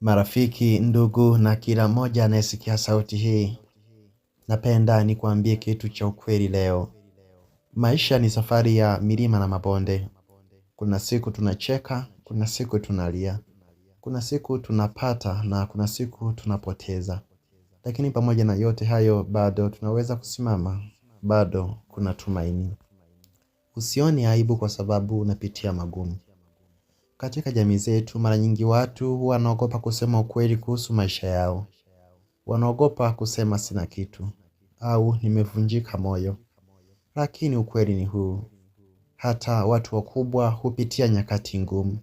marafiki, ndugu na kila mmoja anayesikia sauti hii, napenda nikuambie kitu cha ukweli leo. Maisha ni safari ya milima na mabonde. Kuna siku tunacheka, kuna siku tunalia, kuna siku tunapata na kuna siku tunapoteza, lakini pamoja na yote hayo, bado tunaweza kusimama, bado kuna tumaini. usioni aibu kwa sababu unapitia magumu. Katika jamii zetu mara nyingi watu huwa wanaogopa kusema ukweli kuhusu maisha yao. Wanaogopa kusema sina kitu au nimevunjika moyo. Lakini ukweli ni huu. Hata watu wakubwa hupitia nyakati ngumu.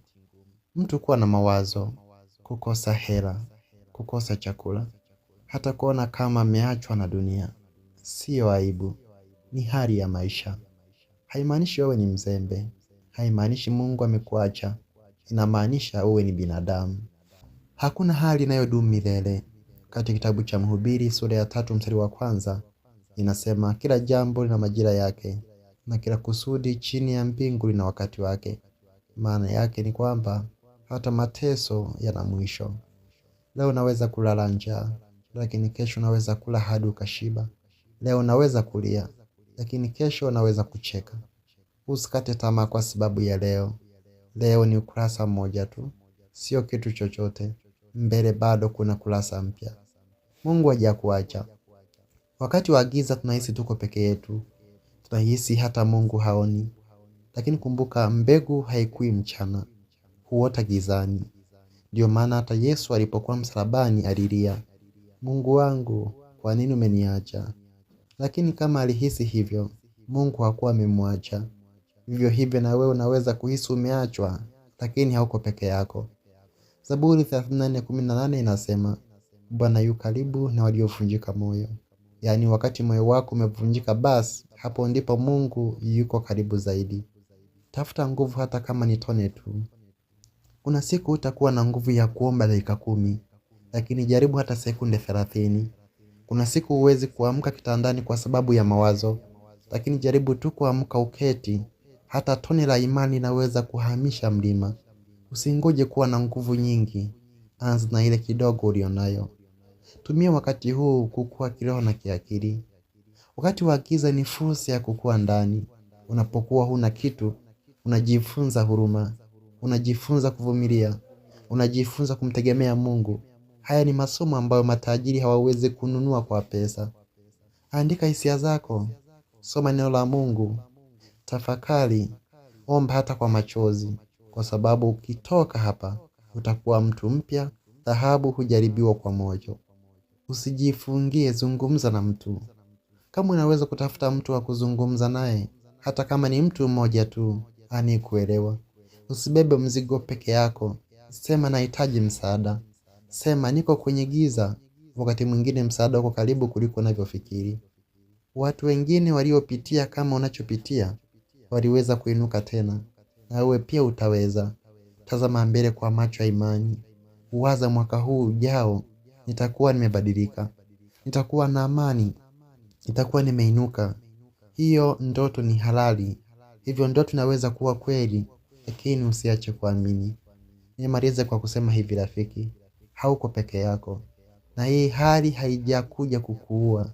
Mtu kuwa na mawazo, kukosa hela, kukosa chakula, hata kuona kama ameachwa na dunia. Siyo aibu, ni hali ya maisha. Haimaanishi wewe ni mzembe. Haimaanishi Mungu amekuacha inamaanisha wewe ni binadamu. Hakuna hali inayodumu milele. Katika kitabu cha Mhubiri sura ya tatu mstari wa kwanza inasema, kila jambo lina majira yake na kila kusudi chini ya mbingu lina wakati wake. Maana yake ni kwamba hata mateso yana mwisho. Leo unaweza kulala njaa, lakini kesho naweza kula hadi ukashiba. Leo unaweza kulia, lakini kesho unaweza kucheka. Usikate tamaa kwa sababu ya leo. Leo ni ukurasa mmoja tu, sio kitu chochote. Mbele bado kuna kurasa mpya. Mungu hajakuacha. Wakati wa giza tunahisi tuko peke yetu, tunahisi hata Mungu haoni, lakini kumbuka, mbegu haikui mchana, huota gizani. Ndio maana hata Yesu alipokuwa msalabani alilia, Mungu wangu, kwa nini umeniacha? Lakini kama alihisi hivyo, Mungu hakuwa amemwacha. Vivyo hivyo na wewe unaweza kuhisi umeachwa, lakini hauko peke yako. Zaburi 34:18 inasema Bwana yu karibu na waliovunjika moyo. Yaani, wakati moyo wako umevunjika, basi hapo ndipo Mungu yuko karibu zaidi. Tafuta nguvu, hata kama ni tone tu. Kuna siku utakuwa na nguvu ya kuomba dakika kumi, lakini jaribu hata sekunde thelathini. Kuna siku huwezi kuamka kitandani kwa sababu ya mawazo, lakini jaribu tu kuamka, uketi hata tone la imani linaweza kuhamisha mlima. Usingoje kuwa na nguvu nyingi, anza na ile kidogo ulionayo. Tumia wakati huu kukua kiroho na kiakili. Wakati wa giza ni fursa ya kukua ndani. Unapokuwa huna kitu, unajifunza huruma, unajifunza kuvumilia, unajifunza kumtegemea Mungu. Haya ni masomo ambayo matajiri hawawezi kununua kwa pesa. Andika hisia zako, soma neno la Mungu, tafakari, omba hata kwa machozi, kwa sababu ukitoka hapa utakuwa mtu mpya. Dhahabu hujaribiwa kwa moyo. Usijifungie, zungumza na mtu. Kama unaweza kutafuta mtu wa kuzungumza naye, hata kama ni mtu mmoja tu anikuelewa. Usibebe mzigo peke yako, sema nahitaji msaada, sema niko kwenye giza. Wakati mwingine msaada uko karibu kuliko unavyofikiri. Watu wengine waliopitia kama unachopitia waliweza kuinuka tena, na wewe pia utaweza. Tazama mbele kwa macho ya imani, uwaza mwaka huu ujao, nitakuwa nimebadilika, nitakuwa na amani, nitakuwa nimeinuka. Hiyo ndoto ni halali, hivyo ndoto inaweza kuwa kweli, lakini usiache kuamini. Nimalize kwa kusema hivi, rafiki, hauko peke yako, na hii hali haijakuja kukuua,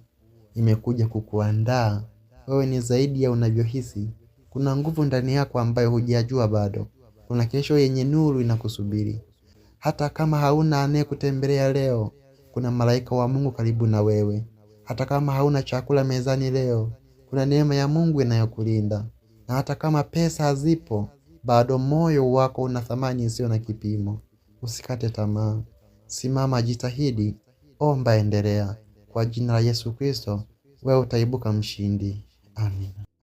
imekuja kukuandaa. Wewe ni zaidi ya unavyohisi. Kuna nguvu ndani yako ambayo hujajua bado. Kuna kesho yenye nuru inakusubiri. Hata kama hauna anayekutembelea leo, kuna malaika wa Mungu karibu na wewe. Hata kama hauna chakula mezani leo, kuna neema ya Mungu inayokulinda. Na hata kama pesa hazipo, bado moyo wako una thamani isiyo na kipimo. Usikate tamaa, simama, jitahidi, omba, endelea. Kwa jina la Yesu Kristo, wewe utaibuka mshindi. Amina.